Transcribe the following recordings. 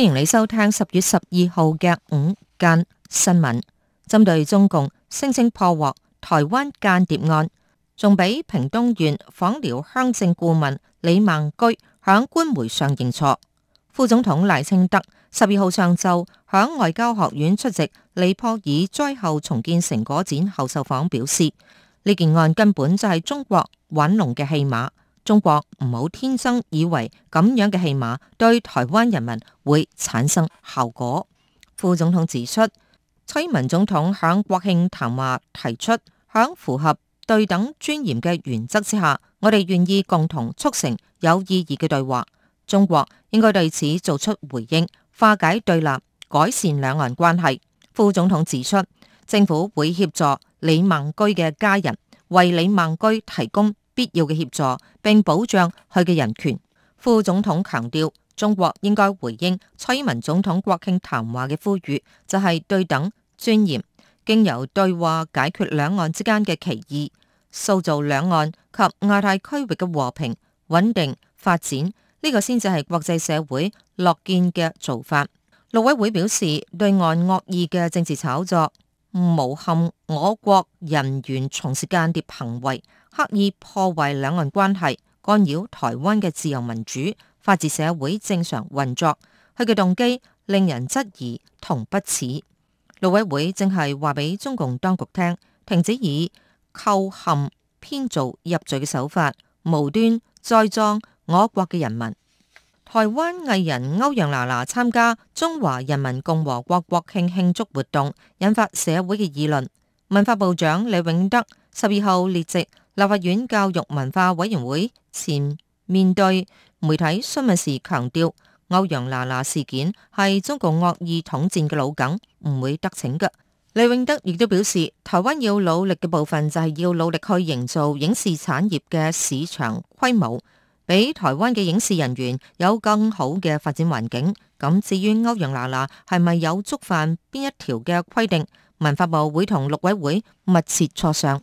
歡迎你收聽十月十二號嘅午間新聞。針對中共聲稱破獲台灣間諜案，仲俾屏東縣訪寮鄉政顧問李孟居響官媒上認錯。副總統賴清德十二號上晝響外交學院出席李珀爾災後重建成果展後受訪，表示呢件案根本就係中國玩弄嘅戲碼。中國唔好天真以為咁樣嘅戲碼對台灣人民會產生效果。副總統指出，蔡英文總統響國慶談話提出響符合對等尊嚴嘅原則之下，我哋願意共同促成有意義嘅對話。中國應該對此做出回應，化解對立，改善兩岸關係。副總統指出，政府會協助李孟居嘅家人為李孟居提供。必要嘅協助，並保障佢嘅人權。副總統強調，中國應該回應蔡英文總統國慶談話嘅呼籲，就係、是、對等尊嚴，經由對話解決兩岸之間嘅歧義，塑造兩岸及亞太區域嘅和平穩定發展。呢、這個先至係國際社會樂見嘅做法。陸委會表示，對岸惡意嘅政治炒作、誣陷我國人員從事間諜行為。刻意破壞兩岸關係，干擾台灣嘅自由民主法治社會正常運作，佢嘅動機令人質疑同不恥。陸委會正係話俾中共當局聽，停止以構陷編造入罪嘅手法，無端栽贓我國嘅人民。台灣藝人歐陽娜娜參加中華人民共和國國慶慶祝活動，引發社會嘅議論。文化部長李永得十二號列席，立法院教育文化委員會前面對媒體詢問時強調，歐陽娜娜事件係中共惡意統戰嘅老梗，唔會得逞噶。李永得亦都表示，台灣要努力嘅部分就係要努力去營造影視產業嘅市場規模，俾台灣嘅影視人員有更好嘅發展環境。咁至於歐陽娜娜係咪有觸犯邊一條嘅規定，文化部會同陸委會密切磋商。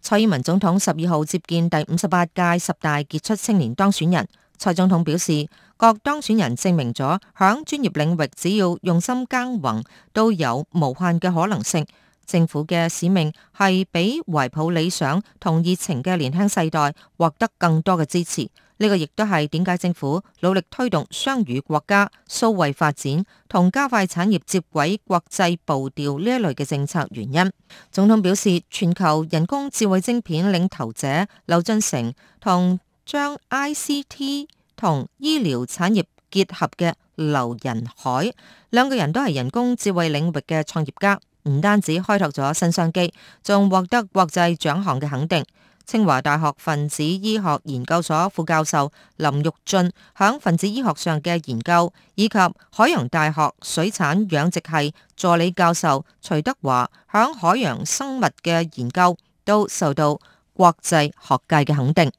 蔡英文總統十二號接見第五十八屆十大傑出青年當選人，蔡總統表示，各當選人證明咗響專業領域，只要用心耕耘，都有無限嘅可能性。政府嘅使命係俾懷抱理想同熱情嘅年輕世代獲得更多嘅支持。呢個亦都係點解政府努力推動雙語國家數位發展同加快產業接軌國際步調呢一類嘅政策原因。總統表示，全球人工智慧晶片領頭者劉俊成同將 I C T 同醫療產業結合嘅劉仁海兩個人，都係人工智慧領域嘅創業家。唔單止開拓咗新商機，仲獲得國際獎項嘅肯定。清華大學分子醫學研究所副教授林玉俊，響分子醫學上嘅研究，以及海洋大學水產養殖系助理教授徐德華響海洋生物嘅研究，都受到國際學界嘅肯定。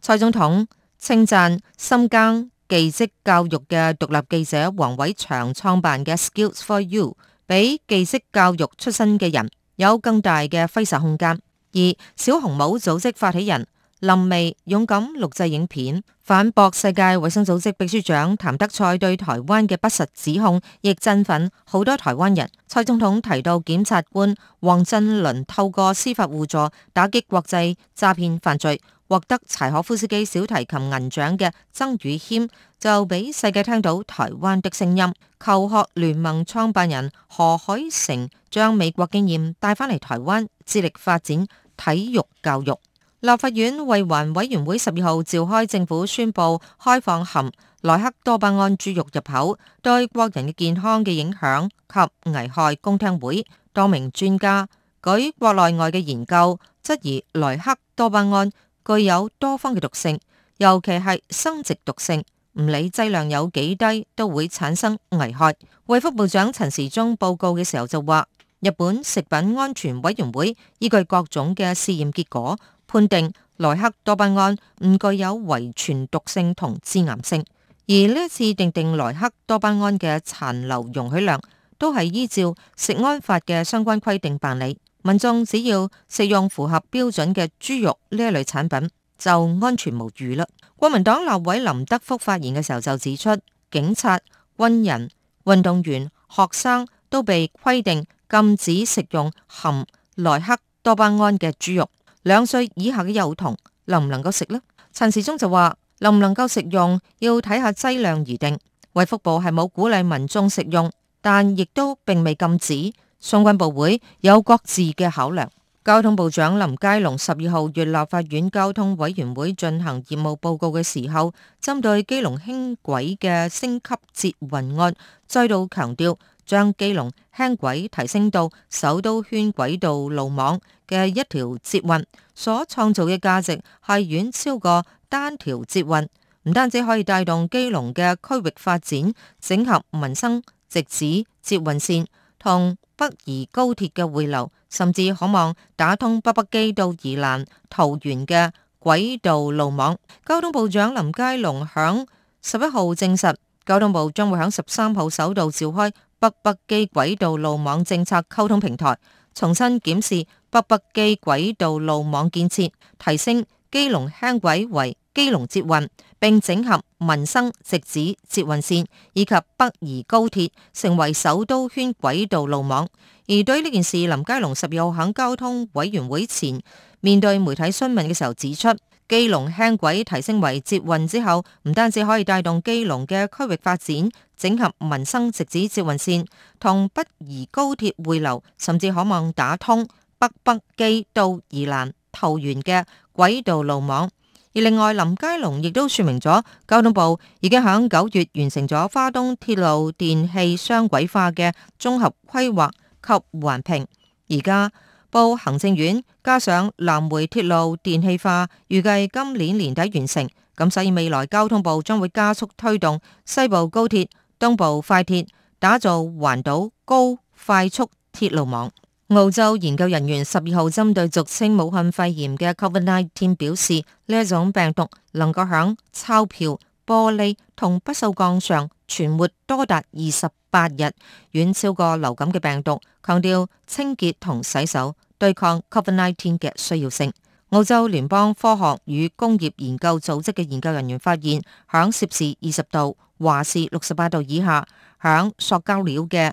蔡總統稱讚深耕技職教育嘅獨立記者黃偉長創，創辦嘅 Skills for You。俾技職教育出身嘅人有更大嘅揮灑空間。而小紅帽組織發起人，林薇勇敢錄製影片反駁世界衛生組織秘書長譚德塞對台灣嘅不實指控，亦振奮好多台灣人。蔡總統提到檢察官王振麟透過司法互助打擊國際詐騙犯罪，獲得柴可夫斯基小提琴銀獎嘅曾宇謙就俾世界聽到台灣嘅聲音。球學聯盟創辦人何凱成將美國經驗帶返嚟台灣，致力發展體育教育。立法院衞環委員會十二號召開政府宣佈開放含萊克多巴胺豬肉入口對國人嘅健康嘅影響及危害公聽會，多名專家舉國內外嘅研究，質疑萊克多巴胺具有多方嘅毒性，尤其係生殖毒性，唔理劑量有幾低都會產生危害。衞福部長陳時中報告嘅時候就話，日本食品安全委員會依據各種嘅試驗結果。判定萊克多巴胺唔具有遺傳毒性同致癌性，而呢一次訂定萊克多巴胺嘅殘留容許量都係依照食安法嘅相關規定辦理。民眾只要食用符合標準嘅豬肉呢一類產品就安全無虞啦。國民黨立委林德福發言嘅時候就指出，警察、軍人、運動員、學生都被規定禁止食用含萊克多巴胺嘅豬肉。兩歲以下嘅幼童能唔能夠食呢？陳時中就話：能唔能夠食用要睇下劑量而定。衛福部係冇鼓勵民眾食用，但亦都並未禁止。相關部會有各自嘅考量。交通部長林佳龍十二號月立法院交通委員會進行業務報告嘅時候，針對基隆輕軌嘅升級捷運案，再度強調。將基隆輕軌，軌提升到首都圈軌道路網嘅一條捷運，所創造嘅價值係遠超過單條捷運。唔單止可以帶動基隆嘅區域發展，整合民生，直指捷運線同北宜高鐵嘅匯流，甚至可望打通北北基到宜蘭桃園嘅軌道路網。交通部長林佳龍響十一號證實，交通部將會響十三號首度召開，北北基軌道路網政策溝通平台，重新檢視北北基軌道路網建設，提升基隆輕軌為基隆捷運並整合民生汐止捷運線以及北宜高鐵，成為首都圈軌道路網。而對呢件事，林佳龍十二號喺交通委員會前面對媒體詢問嘅時候指出，基隆輕軌提升為捷運之後，唔單止可以帶動基隆嘅區域發展，整合民生汐止捷運線同北宜高鐵匯流，甚至可望打通北北基到宜蘭桃園嘅軌道路網。而另外，林佳龍亦都說明咗，交通部已經響九月完成咗花東鐵路電氣雙軌化嘅綜合規劃及環評，而家報行政院，加上南回鐵路電氣化，預計今年年底完成。咁所以未來交通部將會加速推動西部高鐵、東部快鐵，打造環島高快速鐵路網。澳洲研究人員十二號針對俗稱武漢肺炎嘅 COVID-19 表示，呢一種病毒能夠響鈔票、玻璃同不銹鋼上存活多達二十八日，遠超過流感嘅病毒。強調清潔同洗手對抗 COVID-19 嘅需要性。澳洲聯邦科學與工業研究組織嘅研究人員發現，響攝氏二十度華氏六十八度以下，響塑膠料嘅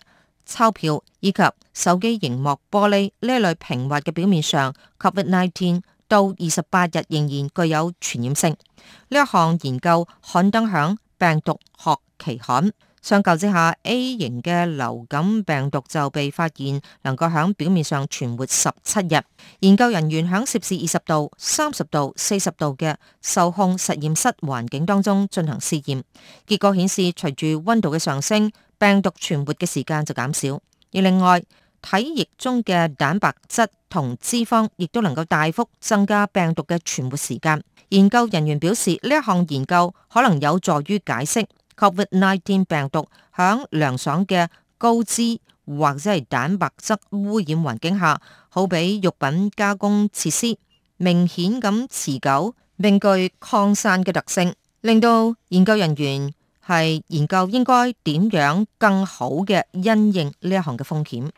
鈔票以及手機熒幕玻璃呢一類平滑嘅表面上，COVID-19 到二十八日仍然具有傳染性。呢一項研究刊登響《病毒學期刊》。相較之下，A 型嘅流感病毒就被發現能夠響表面上存活十七日。研究人員響攝氏二十度、三十度、四十度嘅受控實驗室環境當中進行試驗，結果顯示隨住溫度嘅上升。病毒存活嘅時間就減少，而另外體液中嘅蛋白質同脂肪亦都能夠大幅增加病毒嘅存活時間。研究人員表示，呢一項研究可能有助於解釋 COVID-19 病毒響涼爽嘅高脂或者係蛋白質污染環境下，好比肉品加工設施，明顯咁持久，並具擴散嘅特性，令到研究人員係研究應該點樣更好嘅因應呢一項嘅風險。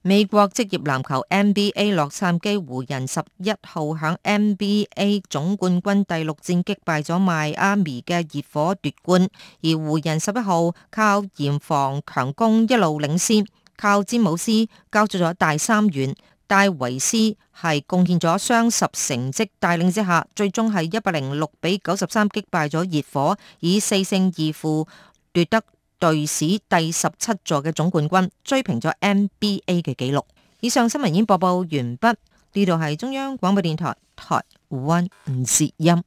美國職業籃球 NBA 洛杉磯湖人十一號響 NBA 總冠軍第六戰擊敗咗邁阿密嘅熱火奪冠，而湖人十一號靠嚴防強攻一路領先，靠詹姆斯交出咗大三元。戴維斯係貢獻咗雙十成績帶領之下，最終係一百零六比九十三擊敗咗熱火，以四勝二負奪得隊史第十七座嘅總冠軍，追平咗 NBA 嘅紀錄。以上新聞已經播報完畢，呢度係中央廣播電台台灣之音。